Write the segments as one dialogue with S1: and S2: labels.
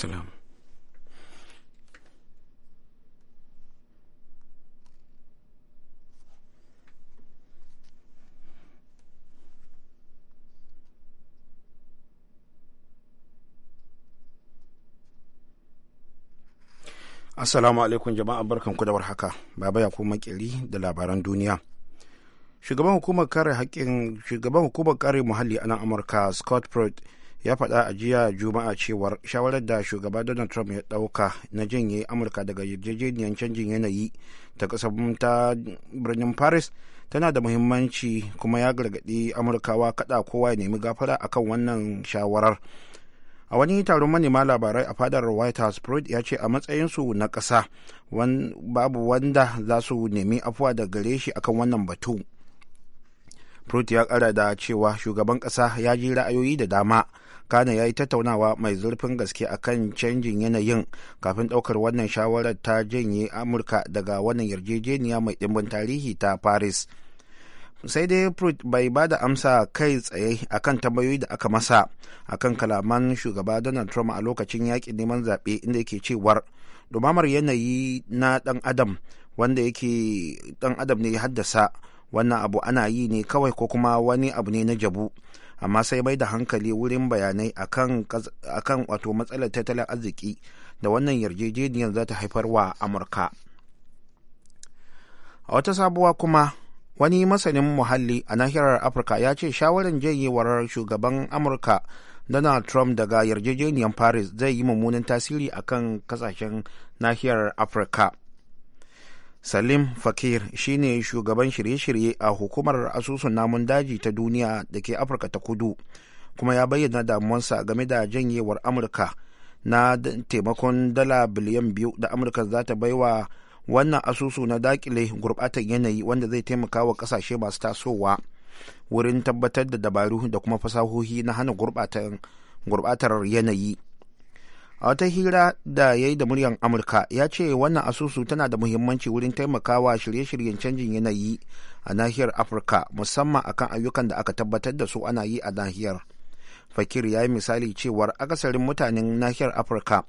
S1: السلام
S2: Assalamu alaikum jama'a ku da warhaka. Baba ya kuma kiri da labaran duniya. Shugaban hukumar kare haƙƙin shugaban hukumar kare muhalli a nan Amurka Scott Pruitt ya faɗa a jiya juma'a cewar shawarar da shugaba donald trump ya ɗauka na janye amurka daga yarjejeniyar canjin yanayi ta kasafin ta birnin paris tana da muhimmanci kuma ya gargaɗi amurkawa kaɗa kowa ya nemi gafara akan wannan shawarar a wani taron manema labarai a fadar white house freud ya ce a matsayinsu na ƙasa babu wanda za su nemi afuwa da gare shi akan wannan batu freud ya kara da cewa shugaban ƙasa ya ji ra'ayoyi da dama kana ya yi tattaunawa mai zurfin gaske akan canjin yanayin kafin ɗaukar wannan shawarar ta janye amurka daga wannan yarjejeniya mai ɗimbin tarihi ta paris sai dai prut bai ba da amsa kai tsaye a kan tambayoyi da aka masa akan kalaman shugaba donald trump a lokacin yakin neman zaɓe inda yake cewar dumamar yanayi na ɗan adam wanda yake ɗan adam ne ya haddasa wannan abu ana yi ne kawai ko kuma wani abu ne na jabu amma sai mai da hankali wurin bayanai akan wato matsalar tattalin arziki da wannan yarjejeniyar za ta haifar wa amurka a wata sabuwa kuma wani masanin muhalli a nahiyar afirka ya ce shawarar janyewar shugaban amurka donald trump daga yarjejeniyar paris zai yi mummunan tasiri akan kasashen nahiyar afirka salim fakir shi ne shugaban shirye-shirye a hukumar asusun namun daji ta duniya da ke afirka ta kudu kuma ya bayyana damuwarsa game da janyewar amurka na taimakon dala biliyan biyu da amurka za ta baiwa wannan asusu na dakile gurbatan yanayi wanda zai taimaka wa kasashe masu tasowa wurin tabbatar da dabaru da kuma fasahohi na hana gurbatar yanayi a wata hira da ya yi da muryar amurka ya ce wannan asusu tana da muhimmanci wurin taimakawa shirye-shiryen canjin yanayi a nahiyar afirka musamman akan ayyukan da aka tabbatar da su ana yi a nahiyar fakir ya yi misali cewar akasarin mutanen nahiyar afirka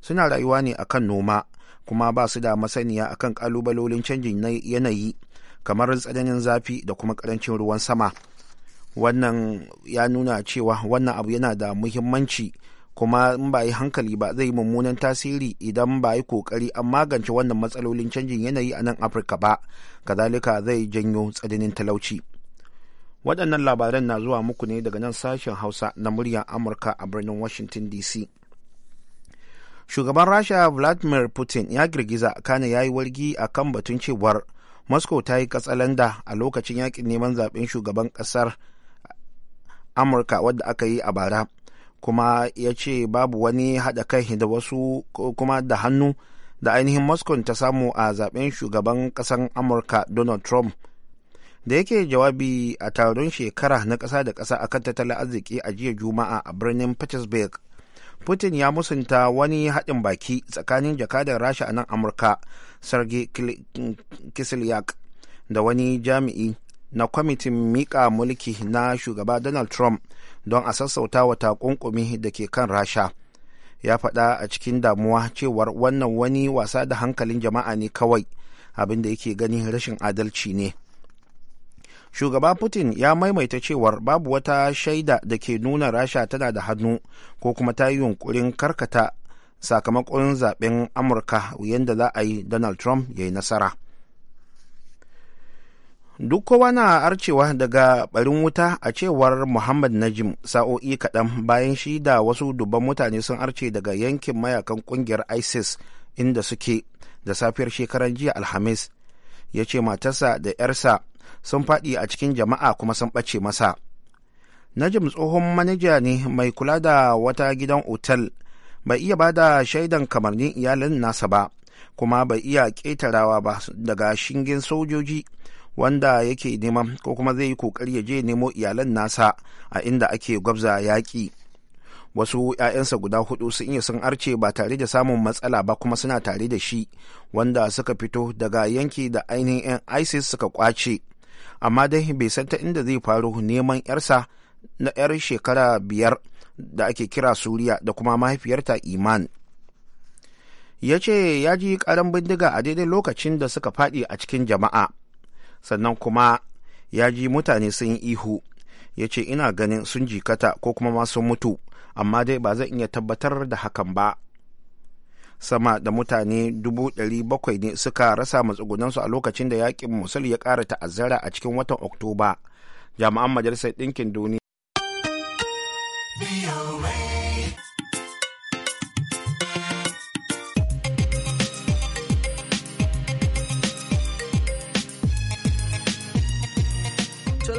S2: suna rayuwa ne akan noma kuma ba su da masaniya akan kalubalolin canjin yanayi kamar tsananin zafi da kuma karancin ruwan sama wannan ya nuna cewa wannan abu yana da muhimmanci kuma in ba yi hankali ba zai yi mummunan tasiri idan ba yi kokari an magance wannan matsalolin canjin yanayi a nan afirka ba kazalika zai janyo tsadinin talauci waɗannan labaran na zuwa muku ne daga nan sashen hausa na muryar amurka a birnin washington dc shugaban rasha vladimir putin ya girgiza kana ya yi wargi a kan batun cewar moscow ta yi katsalanda a lokacin yakin neman zaben shugaban ƙasar amurka wadda aka yi a bara kuma ya ce babu wani haɗa kai da wasu kuma da hannu da ainihin moscow ta samu a zaben shugaban ƙasar amurka donald trump da yake jawabi a taron shekara na ƙasa da ƙasa akan tattalin arziki a jiya juma'a a birnin pittsburgh putin ya musunta wani haɗin baki tsakanin jakadar rasha a nan amurka sergei kisilyak da wani jami'i na kwamitin miƙa mulki na shugaba donald trump don a sassauta wa takunkumi da ke kan rasha ya faɗa a cikin damuwa cewar wannan wani wasa da hankalin jama'a ne kawai abin da yake gani rashin adalci ne shugaba putin ya maimaita cewar babu wata shaida da ke nuna rasha tana da hannu ko kuma ta yi yunkurin karkata sakamakon zaben amurka yadda za a yi donald trump ya yi nasara duk kowa na arcewa daga barin wuta a cewar muhammad najim sa'o'i kaɗan bayan shi da wasu dubban mutane sun arce daga yankin mayakan ƙungiyar isis inda suke da safiyar shekaran jiya alhamis ya ce matarsa da 'yarsa sun faɗi a cikin jama'a kuma sun ɓace masa najim tsohon manaja ne mai kula da wata gidan otal bai iya ba da shaidan kamarnin iyalin nasa ba kuma bai iya ƙetarawa ba daga shingen sojoji wanda yake nema ko kuma zai yi kokari ya je nemo iyalan nasa a inda ake gwabza yaƙi wasu 'ya'yansa guda hudu sun iya sun arce ba tare da samun matsala ba kuma suna tare da shi wanda suka fito daga yanki da ainihin 'yan isis suka kwace amma dai bai san ta inda zai faru neman 'yarsa na 'yar shekara biyar da ake kira suriya da kuma mahaifiyarta iman ya ce ya ji karan bindiga a daidai lokacin da suka faɗi a cikin jama'a sannan kuma ya ji mutane sun yi ihu ya ce ina ganin sun jikata ko kuma ma sun mutu amma dai ba zan iya tabbatar da hakan ba sama da mutane bakwai ne suka rasa matsugunansu a lokacin da yakin musul ya ƙara ta'azzara a cikin watan oktoba jami'an majalisar ɗinkin duniya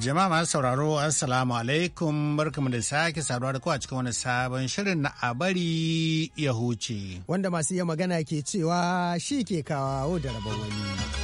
S3: Jama'a masu sauraro Assalamu alaikum barkamu da sake saduwa da kowa cikin wani sabon shirin na a bari ya huce.
S4: Wanda masu iya magana ke cewa shi ke kawo da rabon wani.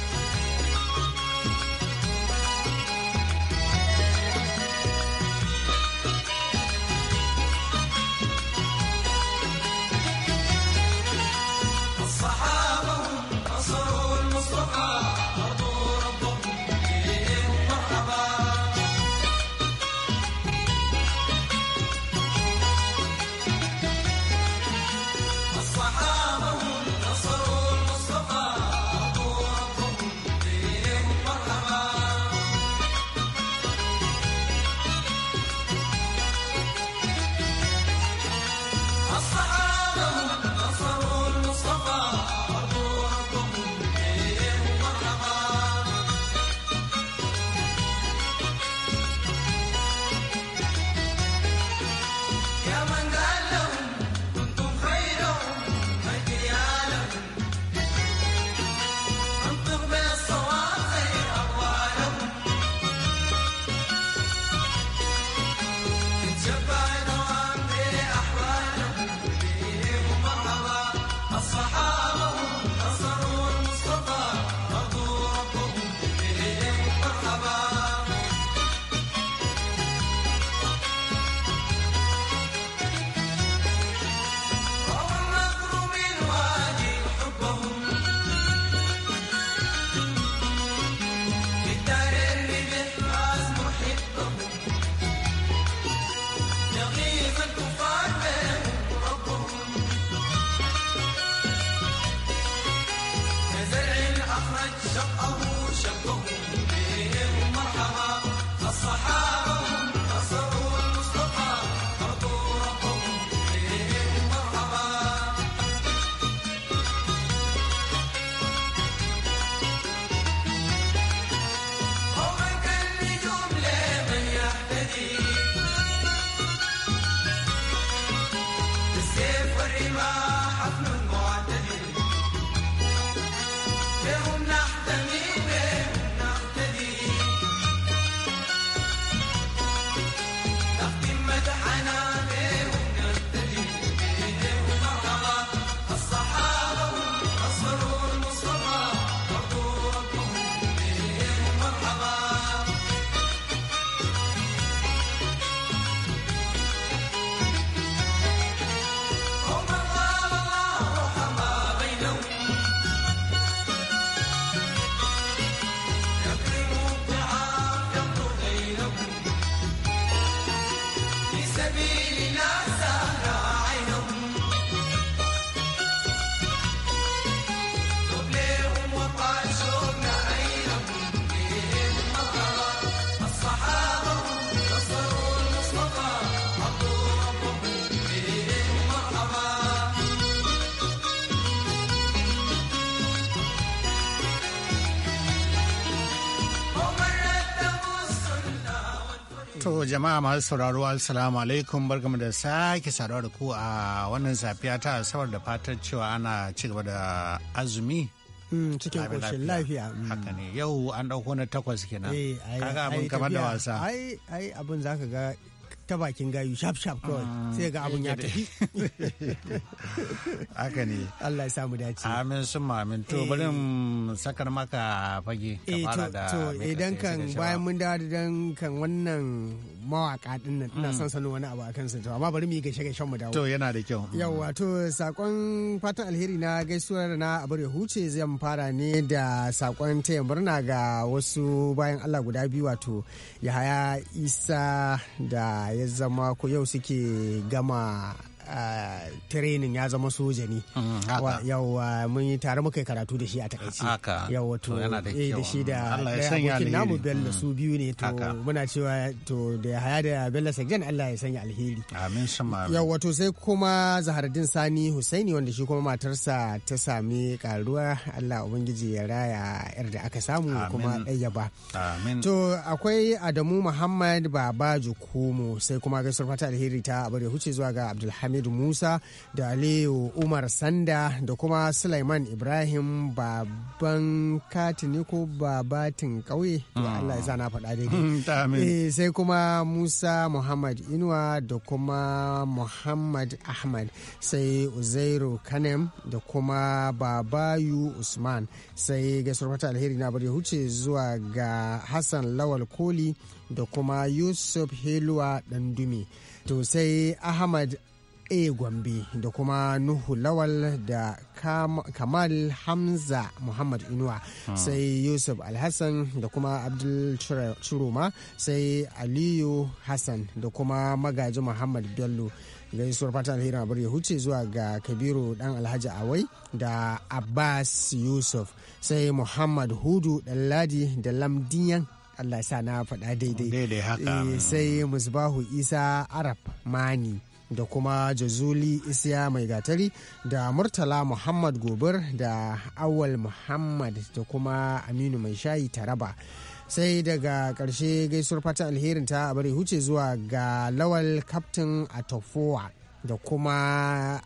S3: jama'a masu sauraro assalamu alaikum barkamu da sake saduwa da ku a wannan safiya ta asabar da fatar cewa ana ci gaba da azumi
S4: mm, cikin koshin lafiya
S3: mm. haka ne yau an ɗauko na takwas kenan eh, kaga abin kamar da wasa
S4: ai ai abin zaka ga ta bakin gayu shaf shaf kawai mm, sai ga abun ya tafi
S3: haka ne
S4: Allah ya samu dace
S3: amin sun amin to bari eh. sakar maka fage ka eh, fara da to idan kan bayan
S4: mun dawo dan kan wannan mawaka din nan ina son mm. sanin wani abu akan su to amma bari mu yi gaishe gaishen mu dawo to yana
S3: da kyau mm. yawa
S4: to sakon fatan alheri na gaisuwar na abar ya huce zan fara ne da sakon taya murna ga wasu bayan Allah guda biyu wato Yahaya Isa da ya zama ko yau suke gama Uh, training ya zama soja ne yawa mm, mun yi tare muka karatu da shi a takaici yawa to da eh, shi da abokin namu bello su mm. biyu ne to muna cewa to da ya haya da bello sagjan allah ya sanya alheri amin to sai kuma zahardin sani husaini wanda shi kuma matarsa ta sami karuwa allah ubangiji ya raya yar da aka samu kuma ɗaya to akwai adamu muhammad baba jukumu sai kuma gaisuwar fata alheri ta abar ya huce zuwa ga abdulhamid Hamidu Musa da Aliyu Umar Sanda da kuma Sulaiman Ibrahim baban katini ko babatin ƙauye da hmm. Allah ya na faɗa daidai. Eh, sai kuma Musa Muhammad Inuwa da kuma Muhammad Ahmad sai Uzairu Kanem da kuma Babayu Usman sai gaisuwar alheri na bari huce zuwa ga Hassan Lawal Koli da kuma Yusuf Heluwa Dandumi. To sai Ahmad A Gombe da kuma Nuhu Lawal da Kamal Hamza Muhammad Inuwa hmm. sai Yusuf Alhassan da kuma Abdul Churuma sai Aliyu Hassan da kuma Magaji Muhammad Bello. gaisuwar fata alherin abar ya huce zuwa ga kabiru dan alhaji awai da abbas yusuf sai muhammad hudu ladi da lamdiyan allah sa na faɗa daidai eh, sai musbahu isa arab mani da kuma jazuli isiya mai gatari da murtala muhammad gobir da awal muhammad da kuma aminu mai shayi taraba sai daga ƙarshe gaisuwar fata alherin ta a bari huce zuwa ga lawal kaftin atofowa da kuma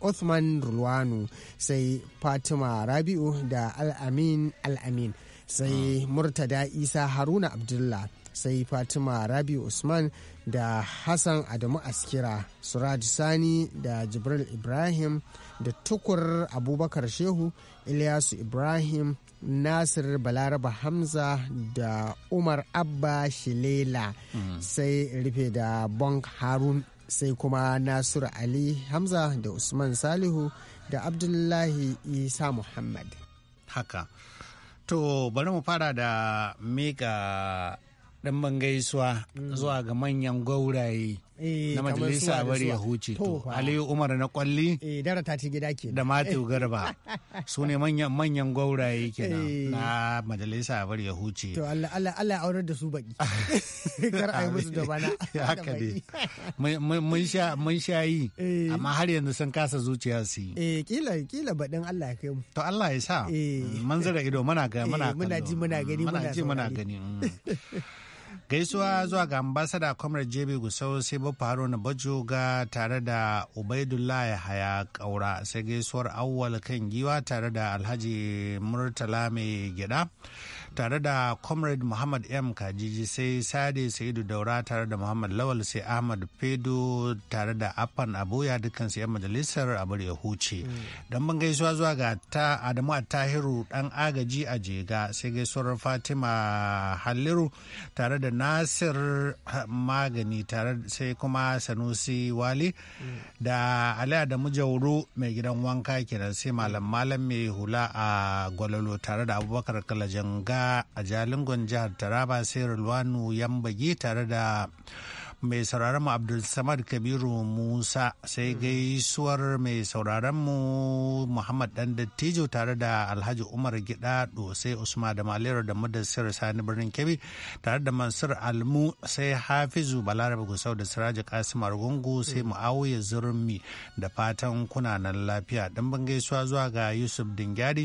S4: othman rulwanu sai fatima rabi'u da al'amin al'amin sai ah. murtada isa haruna abdullah sai fatima rabi usman da hassan adamu askira suraj sani da jibril ibrahim da tukur abubakar shehu ilyasu ibrahim nasir balaraba hamza da umar abba shilela hmm. sai rufe da bonk harun sai kuma nasiru ali hamza da usman salihu da abdullahi isa muhammad
S3: haka to bari mu fara da mika ɗan gaisuwa mm. zuwa ga manyan gauraye eh, na majalisa bari ya huce to aliyu umar na kwalli eh, da matu garba su ne manyan manyan gauraye kenan eh. na majalisa bari ya huce to
S4: allah allah aurar da su baki
S3: kar a yi musu da bana haka ne mun sha mun sha yi amma har yanzu sun kasa zuciya su yi
S4: eh kila kila baɗin allah ya kai mu
S3: to allah ya sa manzara ido muna ga muna muna ji
S4: muna gani muna ji muna gani
S3: gaisuwa zuwa ga ambasada comrade jb gusau sai bafa haruna ga tare da ubaidullah haya kaura sai gaisuwar awwal kan giwa tare da alhaji murtala mai gyada tare da comrade muhammad m kajiji sai sade sa'idu daura tare da muhammad lawal sai ahmad fedo tare da afan abuya dukkan su 'yan majalisar abar ya huce mm. don ban gaisuwa zuwa ga ta adamu tahiru dan agaji a jega sai gaisuwar fatima halliru tare da nasir magani tare sai kuma sanusi wali mm. da ali adamu jauro mai gidan wanka kenan sai malam malam mai hula a gwalolo tare da abubakar ga. a jalingon jihar taraba sai yambagi tare da mai sauraron mu Abdul Samad Kabiru Musa sai mm-hmm. gaisuwar mai sauraron mu Muhammad Dan Dattijo tare da Alhaji Umar Gida Dose Usman da Malero da Mudassir Sani Birnin Kebbi tare da Mansur Almu sai Hafizu Balarabe Gusau da Siraji Kasim Argungu sai mm-hmm. Muawiya Zurmi da fatan kunanan lafiya dan ban gaisuwa zuwa ga Yusuf Dingadi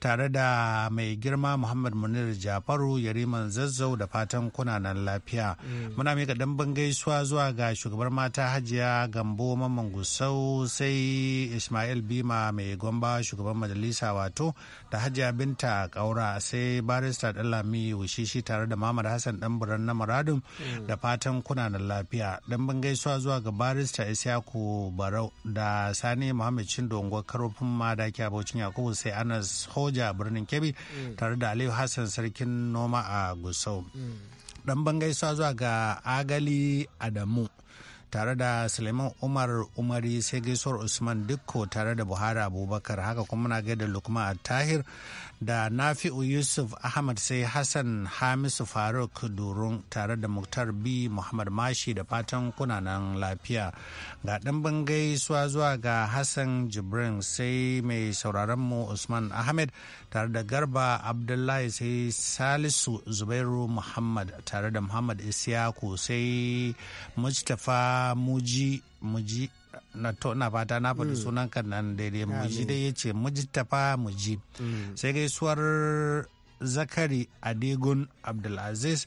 S3: tare da mai girma Muhammad Munir Jafaru Yariman Zazzau da fatan kunanan lafiya mm. muna mika dan ban gaisuwa zuwa ga shugabar mata hajiya gambo mamman gusau sai ismail bima mai gomba shugaban majalisa wato da hajiya binta kaura sai barista dalami wushishi tare da mamar hassan buran na muradun mm. da fatan kunanan lafiya dan ɗanbin gaisuwa zuwa ga barista isyaku barau da sani muhammad cindongo karofin madaki abocin yakubu sai anas hoja birnin kebbi mm. tare da aliyu hassan sarkin noma a gusau mm. dan bangaisa zuwa ga agali adamu tare da suleiman umar umari sai gaisuwar usman dukko tare da buhari abubakar haka kuma muna gaida lukman tahir da nafi'u yusuf ahmad sai hassan hamisu faruk durun tare da muktar b muhammad mashi da fatan kunanan lafiya ga ɗimbin gaisuwa zuwa ga hassan jibrin sai mai sauraronmu usman ahmed tare da garba abdullahi sai salisu zubairu muhammad tare da muhammad Isiaku sai mustapha muji na to na fata na faɗi mm. sunan kan nan daidai muji dai ya ce mujittafa muji mm. sai gaisuwar zakari adegun abdulaziz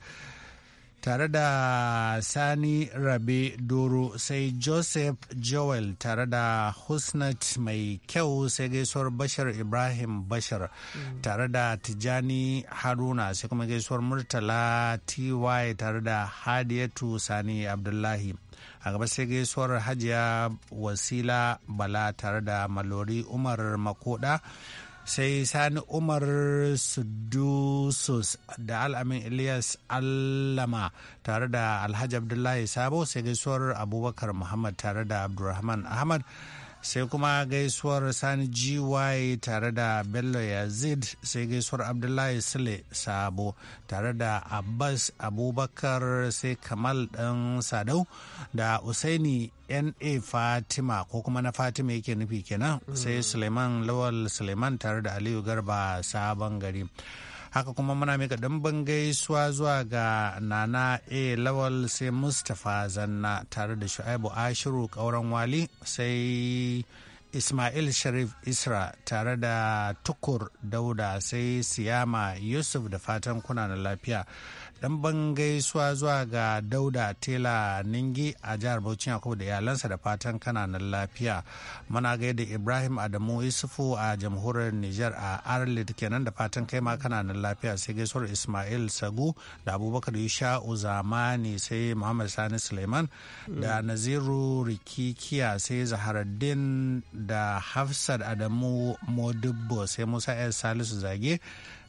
S3: tare da sani rabe doro sai joseph joel tare da husnat mai kyau sai gaisuwar bashar ibrahim bashar mm. tare da tijani haruna sai kuma gaisuwar murtala ty tare da hadiyatu sani abdullahi a gaba sai gaisuwar hajiya wasila bala tare da malori umar makoda sai sani umar sudusus da al'amin ilyas allama tare da alhaji abdullahi sabo sai gaisuwar abubakar muhammad tare da abdulrahman ahmad sai kuma gaisuwar sani gy tare da bello yazid sai gaisuwar abdullahi sule sabo tare da abbas abubakar sai kamal ɗan sadau da usaini na fatima ko kuma na fatima yake nufi kenan sai mm. suleiman lawal suleiman tare da aliyu garba sabon gari haka kuma muna mika ɗimbin gaisuwa zuwa ga nana a lawal sai mustapha zanna tare da shu'aibu ashiru ƙauren wali sai Ismail Sharif Isra tare da Tukur Dauda sai Siyama Yusuf da fatan kuna na lafiya. dan ban gaisuwa zuwa ga dauda tela ningi a jihar bauchi yakubu da iyalansa da fatan kananan lafiya muna gaida ibrahim adamu isufu a jamhuriyar niger a arlit kenan da fatan kai ma kananan lafiya sai gaisuwar ismail sagu da abubakar yusha uzamani sai muhammad sani suleiman da mm. naziru rikikiya sai zaharaddin da hafsat adamu modibbo sai musa s salisu zage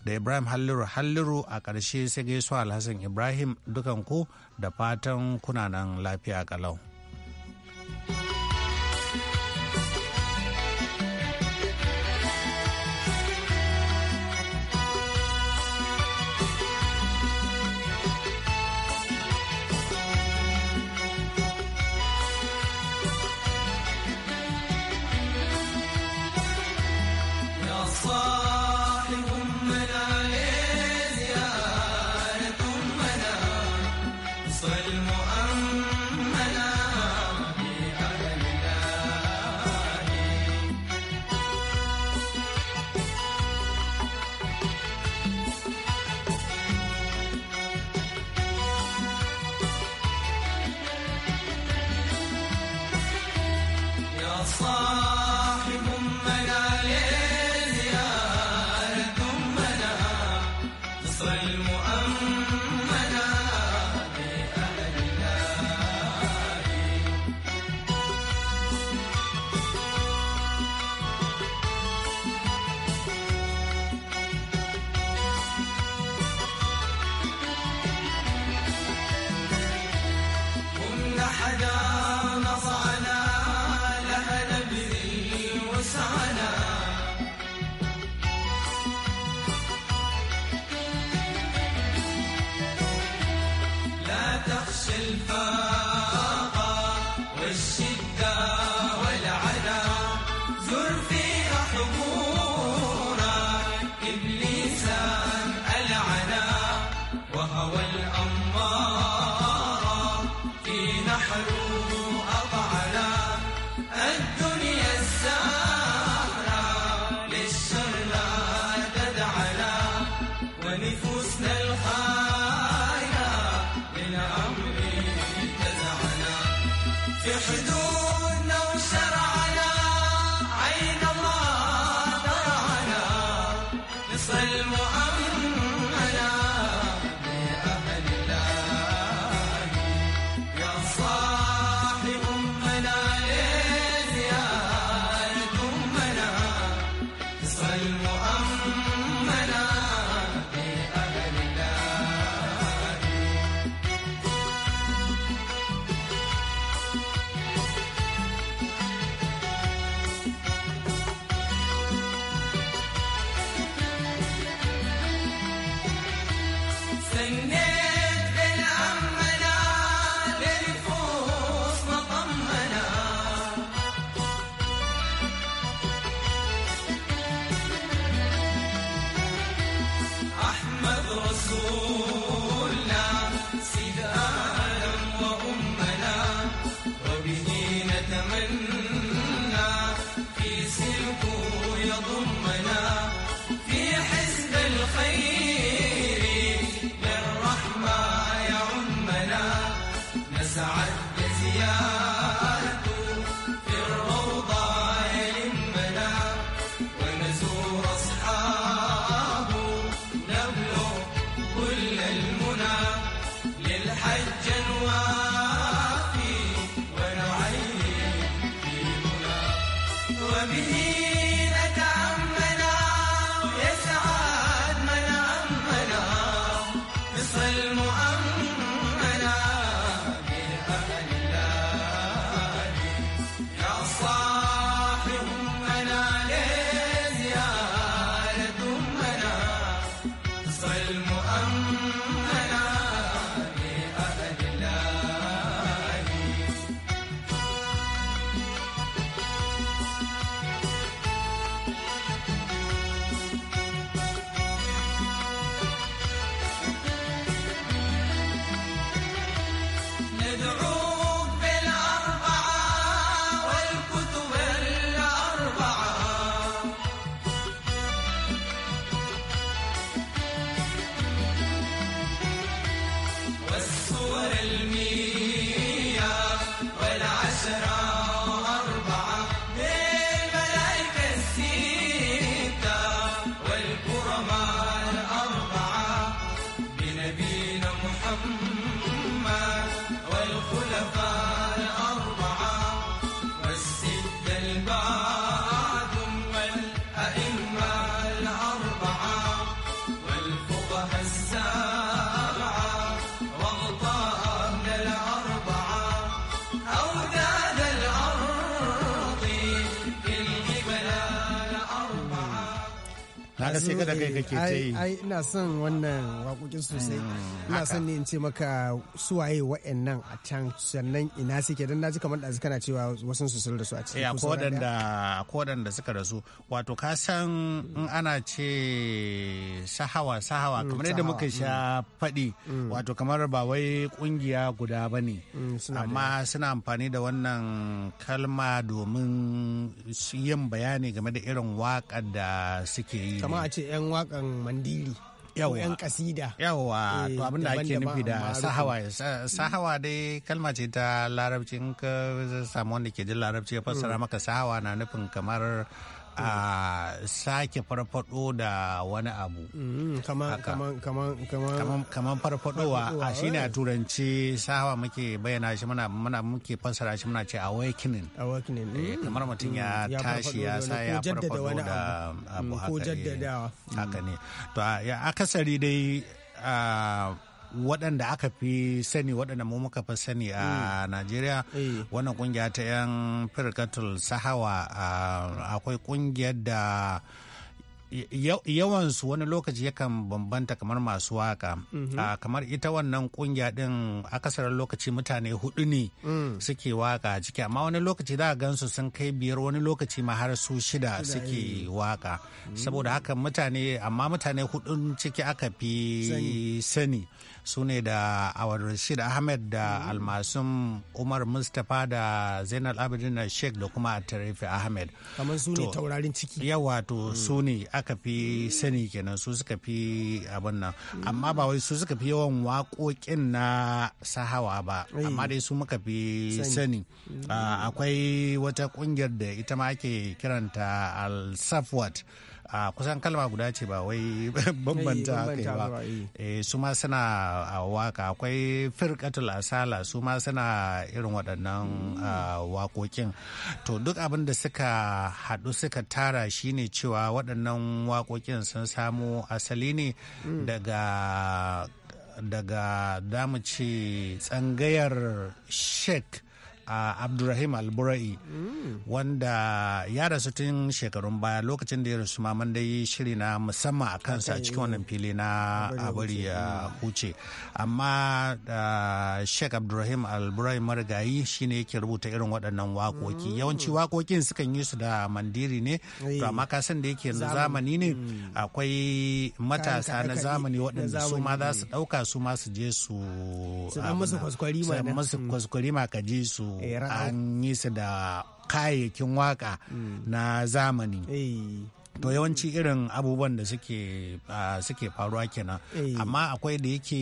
S3: da ibrahim halliru halliru a ƙarshe sai gaisuwa alhassan ibrahim dukanku da fatan kunanan lafiya kalau
S5: نصر المؤمن 我。يدعو
S3: ka ce kada kai kake
S4: ta yi ai ina son wannan waƙoƙin sosai ina son ne in ce maka suwaye wa'annan a can sannan ina suke dan naji kamar da kana cewa wasu su sun rasu a cikin eh, ko waɗanda
S3: ko da suka rasu wato ka san in ana ce sahawa sahawa mm, kamar yadda muka mm. sha faɗi mm. wato kamar ba wai kungiya guda bane amma suna amfani da wannan kalma domin yin bayani game da irin waƙar da suke yi kamar ce
S4: 'yan wakan mandiri yawa yan kasida
S3: yawwa to eh, abin da ake nufi da sahawa sahawa dai kalma ce ta larabci in ka samu wanda ke jin larabci ya fassara mm. maka sahawa na nufin kamar a sake farfado da wani abu mm, kaman farfadowa a shi ne a eh. turanci sahawa muke bayyana shi muna muke fansara shi muna ce awakening eh, mm, kamar mutum ya mm, tashi ya sa ya farfado da abu haka eh. ne to a akasari dai waɗanda aka fi sani waɗanda mu muka fi sani a mm. Najeriya eh. wannan kungiya ta 'yan firkatul sahawa akwai kungiyar da yawansu wani lokaci yakan bambanta kamar masu waka mm-hmm. kamar ita wannan kungiya din akasarar lokaci mutane hudu ne mm. suke waka ciki amma wani lokaci za a gansu sun kai biyar wani lokaci ma har su shida suke eh. waka mm. saboda haka mutane amma mutane hudun ciki aka fi sani su ne da awar rashid ahmed da mm. almasun umar mustapha da zainal abidin sheikh da kuma tarifi ahmed kamar su ne taurarin ciki yawa to mm. su ne aka fi sani kenan su suka fi abin nan mm. amma ba wai su suka fi yawan waƙoƙin na sahawa ba amma dai su muka fi sani ah, akwai wata ƙungiyar da ita ma ake kiranta al-safwat a kusan kalma guda ce ba wai bambanta kai ba eh. Eh, su ma suna a waka akwai firkatul asala su ma suna irin waɗannan mm. waƙoƙin to duk abin da suka haɗu suka tara shine cewa waɗannan waƙoƙin sun samo asali ne mm. daga daga damu ce tsangayar shek uh, Abdulrahim albura'i mm. wanda ya rasu tun shekarun baya lokacin da ya rasu ma da yi shiri na musamman a kansa a cikin wannan fili na abari ya huce amma sheik abdurrahim albura'i marigayi shine yake rubuta irin waɗannan wakoki mm. yawanci wakokin sukan yi su da mandiri ne eh. to amma ka san da yake zamani ne mm. akwai matasa na zamani waɗanda su ma za su ɗauka su ma su je su su masu mm. ma ka je su an yi su da kayayyakin waka mm. na zamani eh. to yawanci irin abubuwan da suke suke faruwa kenan eh. amma akwai da yake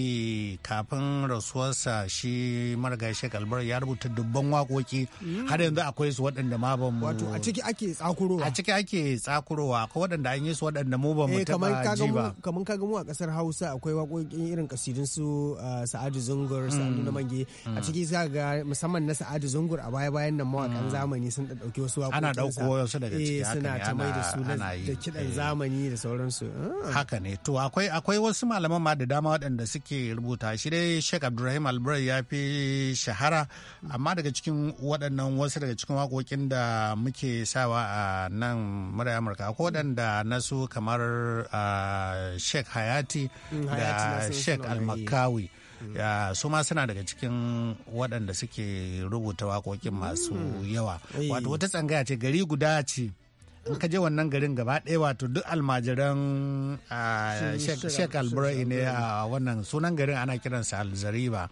S3: kafin rasuwarsa shi marigayi shek albar ya rubuta dubban waƙoƙi mm. har yanzu akwai su waɗanda ma ban wato a ciki ake tsakurowa a ciki ake tsakurowa akwai waɗanda an yi su waɗanda mu eh, ba mu taba ji ba
S4: kamar ka mu a ƙasar Hausa akwai wakoki irin kasidun su Sa'adu Zungur mm. Sa'adu na Mange a mm. ciki za ga musamman na Sa'adu Zungur a baya-bayan nan mawaƙan zamani sun ɗauki wasu waƙoƙin ana ɗauko wasu daga ciki eh, ana ta mai da su da kiɗan eh. zamani da sauransu ah. haka
S3: ne to akwai akwai wasu malaman ma da dama waɗanda suke rubuta shi dai Sheikh Abdulrahim Alburai ya fi shahara amma daga cikin waɗannan wasu daga cikin waƙoƙin da muke sawa a nan mura Amurka akwai waɗanda na kamar ah, Sheikh Hayati mm, da Sheikh Almakawi mm. ya su ma suna daga cikin waɗanda suke rubuta waƙoƙin masu mm. yawa wato wata tsangaya ce gari guda ce in ka je wannan garin gaba ɗaya wato duk almajiran ah, Sheikh Alburai ne a wannan sunan garin ana kiransa Alzariba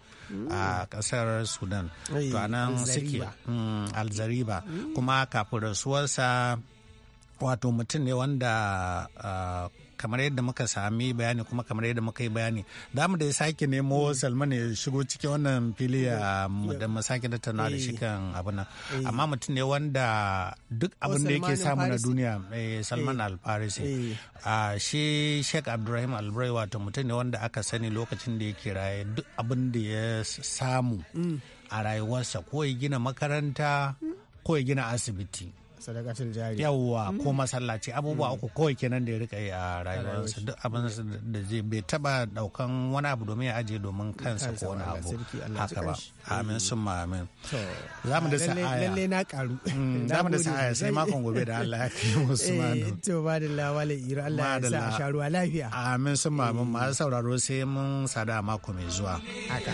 S3: a ƙasar Sudan. To anan suke Alzariba mm, mm. kuma kafin rasuwarsa wato mutum ne wanda ah, kamar yadda muka sami bayani kuma kamar yadda muka yi bayani da mu da ya sake nemo salman ya shigo cikin wannan fili a da mu sake da tana da shikan eh. abin nan eh. amma mutum ne wanda duk abin da yake samu na duniya eh, salman alfarisi shi sheikh abdurrahim albrai wato mutum ne wanda aka sani lokacin da yake raye duk abin da ya samu mm. a rayuwarsa ko ya gina makaranta mm. ko ya gina asibiti
S4: sadakatul jari yawwa
S3: ko mm. masallaci abubuwa mm. uku kawai kenan da ya rika yi a rayuwarsa duk abin da zai bai taba daukan wani abu domin ya aje domin kansa ko wani abu haka ba amin ma amin
S4: za mu da sa'aya lalle na karu mm, za mu da sa'aya sai makon gobe da Allah ya kai mu su ma eh, to ba da wala ira Allah ya sa a sha ruwa lafiya
S3: amin ma amin eh. ma sauraro sai mun sada mako mai zuwa
S5: haka